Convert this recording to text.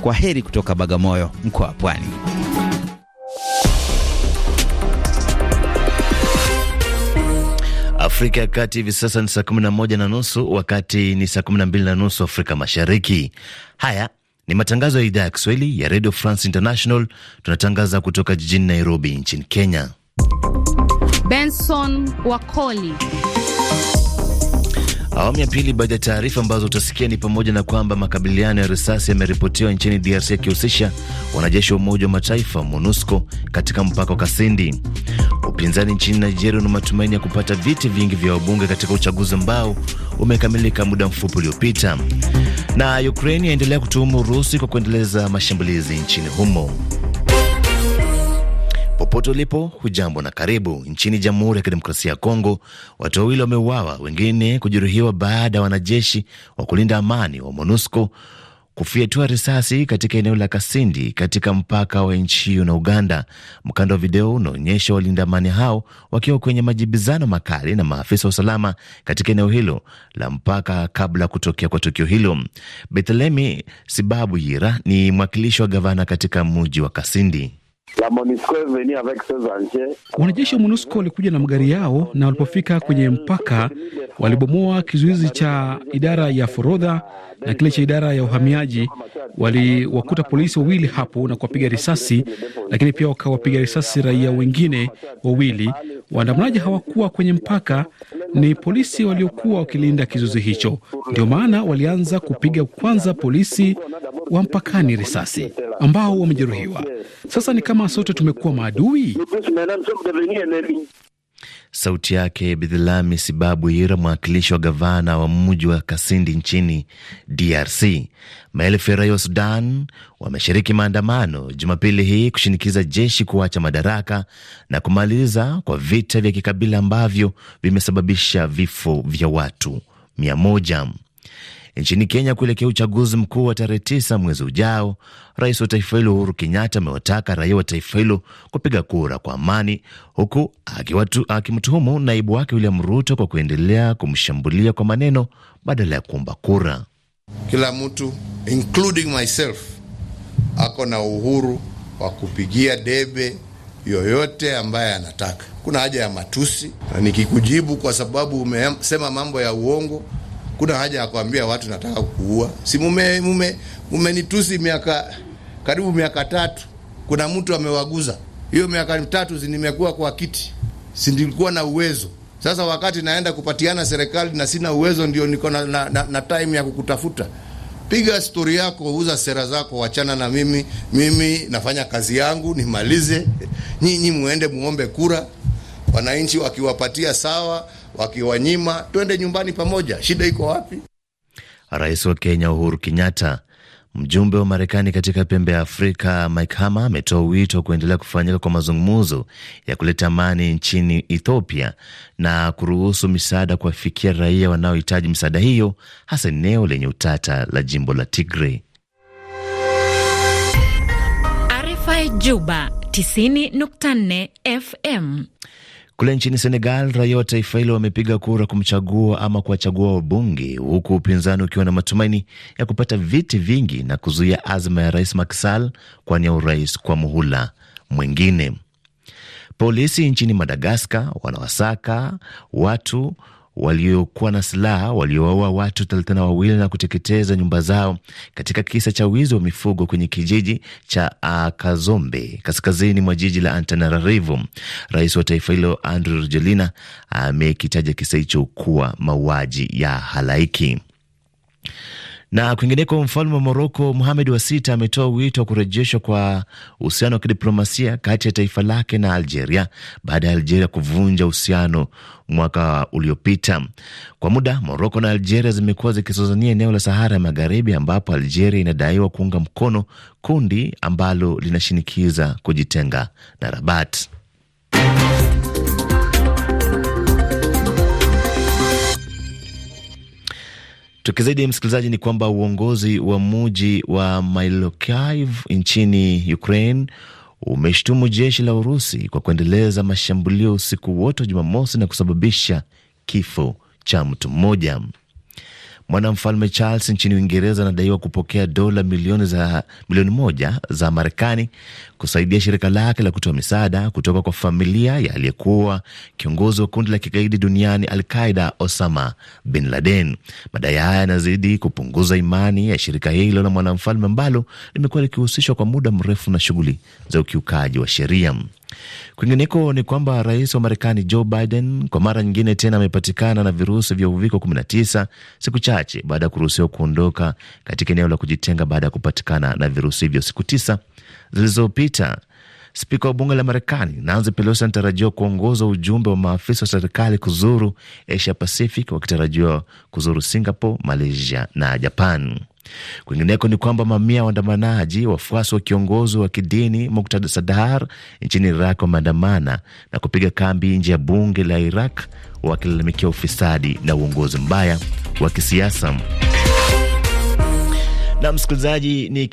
Kwa heri kutoka Bagamoyo, mkoa wa Pwani. Afrika ya Kati hivi sasa ni saa 11 na nusu, wakati ni saa 12 na nusu Afrika Mashariki. Haya ni matangazo ya idhaa ya Kiswahili ya Radio France International. Tunatangaza kutoka jijini Nairobi nchini Kenya. Benson Wakoli Awamu ya pili. Baadhi ya taarifa ambazo utasikia ni pamoja na kwamba makabiliano ya risasi yameripotiwa nchini DRC yakihusisha wanajeshi wa Umoja wa Mataifa MONUSCO katika mpaka wa Kasindi. Upinzani nchini Nigeria una matumaini ya kupata viti vingi vya wabunge katika uchaguzi ambao umekamilika muda mfupi uliopita, na Ukraini yaendelea kutuhumu Urusi kwa kuendeleza mashambulizi nchini humo. Popote ulipo, hujambo na karibu. Nchini Jamhuri ya Kidemokrasia ya Kongo, watu wawili wameuawa, wengine kujeruhiwa baada ya wanajeshi wa kulinda amani wa MONUSCO kufyatua risasi katika eneo la Kasindi katika mpaka wa nchi hiyo na Uganda. Mkanda wa video unaonyesha walinda amani hao wakiwa kwenye majibizano makali na maafisa wa usalama katika eneo hilo la mpaka kabla ya kutokea kwa tukio hilo. Bethlehemi Sibabu Yira ni mwakilishi wa gavana katika mji wa Kasindi la MONUSCO est venu avec ses engins. Wanajeshi wa MONUSCO walikuja na magari yao, na walipofika kwenye mpaka walibomoa kizuizi cha idara ya forodha na kile cha idara ya uhamiaji. Waliwakuta polisi wawili hapo na kuwapiga risasi, lakini pia wakawapiga risasi raia wengine wawili. Waandamanaji hawakuwa kwenye mpaka, ni polisi waliokuwa wakilinda kizuizi hicho, ndio maana walianza kupiga kwanza polisi wa mpakani risasi ambao wamejeruhiwa. Sasa ni kama sote tumekuwa maadui. Sauti yake Bidhilami hira mwakilishi wa gavana wa mji wa Kasindi nchini DRC. Maelfu ya raia wa Sudan wameshiriki maandamano Jumapili hii kushinikiza jeshi kuacha madaraka na kumaliza kwa vita vya kikabila ambavyo vimesababisha vifo vya watu mia moja. Nchini Kenya, kuelekea uchaguzi mkuu wa tarehe tisa mwezi ujao, rais wa taifa hilo Uhuru Kenyatta amewataka raia wa taifa hilo kupiga kura kwa amani, huku akimtuhumu naibu wake William Ruto kwa kuendelea kumshambulia kwa maneno badala ya kuomba kura. Kila mtu including myself ako na uhuru wa kupigia debe yoyote ambaye anataka. Kuna haja ya matusi, na nikikujibu kwa sababu umesema mambo ya uongo kuna haja ya kuambia watu nataka kuua. Si mume mume mmenitusi miaka karibu miaka tatu, kuna mtu amewaguza. Hiyo miaka mitatu nimekuwa kwa kiti, si nilikuwa na uwezo sasa wakati naenda kupatiana serikali na sina uwezo, ndio niko na, na, na, na time ya kukutafuta. Piga stori yako, uza sera zako, wachana na mimi. Mimi nafanya kazi yangu nimalize, nyinyi muende muombe kura, wananchi wakiwapatia sawa wakiwanyima, twende nyumbani pamoja. Shida iko wapi? Rais wa Kenya Uhuru Kenyatta Mjumbe wa Marekani katika pembe ya Afrika Mike Hammer ametoa wito wa kuendelea kufanyika kwa mazungumzo ya kuleta amani nchini Ethiopia na kuruhusu misaada kuwafikia raia wanaohitaji misaada hiyo, hasa eneo lenye utata la jimbo la Tigray. RFI Juba 90.4 FM. Kule nchini Senegal, raia wa taifa hilo wamepiga kura kumchagua ama kuwachagua wabunge, huku upinzani ukiwa na matumaini ya kupata viti vingi na kuzuia azma ya rais Macky Sall kuwania urais kwa muhula mwingine. Polisi nchini Madagaskar wanawasaka watu waliokuwa na silaha waliowaua watu thelathini na wawili na kuteketeza nyumba zao katika kisa cha wizi wa mifugo kwenye kijiji cha Akazombe kaskazini mwa jiji la Antananarivo. Rais wa taifa hilo Andry Rajoelina amekitaja kisa hicho kuwa mauaji ya halaiki. Na kwingineko, mfalme wa Moroko muhamed wa sita ametoa wito wa kurejeshwa kwa uhusiano wa kidiplomasia kati ya taifa lake na Algeria baada ya Algeria kuvunja uhusiano mwaka uliopita. Kwa muda, Moroko na Algeria zimekuwa zikizozania eneo la Sahara ya Magharibi, ambapo Algeria inadaiwa kuunga mkono kundi ambalo linashinikiza kujitenga na Rabat. Tukizidi msikilizaji, ni kwamba uongozi wa muji wa Mykolaiv nchini Ukraine umeshtumu jeshi la Urusi kwa kuendeleza mashambulio usiku wote wa Jumamosi na kusababisha kifo cha mtu mmoja. Mwanamfalme Charles nchini Uingereza anadaiwa kupokea dola milioni za milioni moja za Marekani kusaidia shirika lake la kutoa misaada kutoka kwa familia ya aliyekuwa kiongozi wa kundi la kigaidi duniani Al Qaida, Osama bin Laden. Madai haya yanazidi kupunguza imani ya shirika hilo la mwanamfalme ambalo limekuwa likihusishwa kwa muda mrefu na shughuli za ukiukaji wa sheria. Kwingineko ni kwamba rais wa Marekani Joe Biden kwa mara nyingine tena amepatikana na virusi vya uviko 19 siku chache baada ya kuruhusiwa kuondoka katika eneo la kujitenga baada ya kupatikana na virusi hivyo siku tisa zilizopita. Spika wa bunge la Marekani Nancy Pelosi anatarajiwa kuongoza ujumbe wa maafisa wa serikali kuzuru Asia Pacific, wakitarajiwa kuzuru Singapore, Malaysia na Japan. Kwingineko ni kwamba mamia waandamanaji wafuasi wa kiongozi wa kidini Muktada Sadar nchini Iraq wameandamana na kupiga kambi nje ya bunge la Iraq wakilalamikia ufisadi na uongozi mbaya wa kisiasa. Na msikilizaji ni